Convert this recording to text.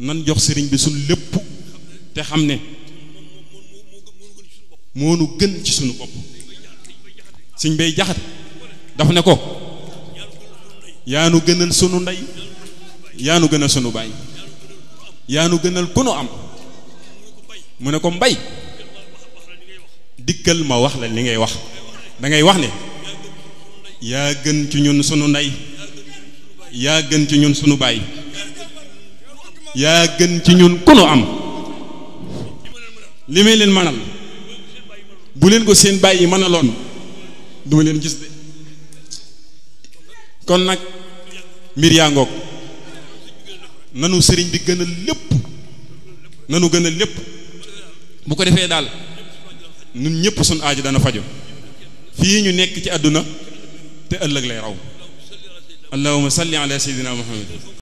nan jox sëriñ bi suñ lépp te xam ne moonu gën ci suñu bopp sëñ bay jaxate daf ne ko yaanu gënal sunu ndey yaanu gënal sunu baay yaanu gënal ku nu am mu ne ko mbay dikkal ma wax la li ngay wax dangay wax ne yaa gën ci ñun sunu ndey yaa gën ci ñun sunu baay yaa gën ci ñun ku nu am li may leen manal bu leen ko seen bàyyi manaloon duma leen gis de kon nag mbir yaa ngoog nanu sëriñ bi gën lépp nanu gën lépp bu ko defee daal ñun ñëpp suñ aaju dana fajo fii ñu nekk ci àdduna te ëllëg lay raw allahumma salli ala sayyidina muhammad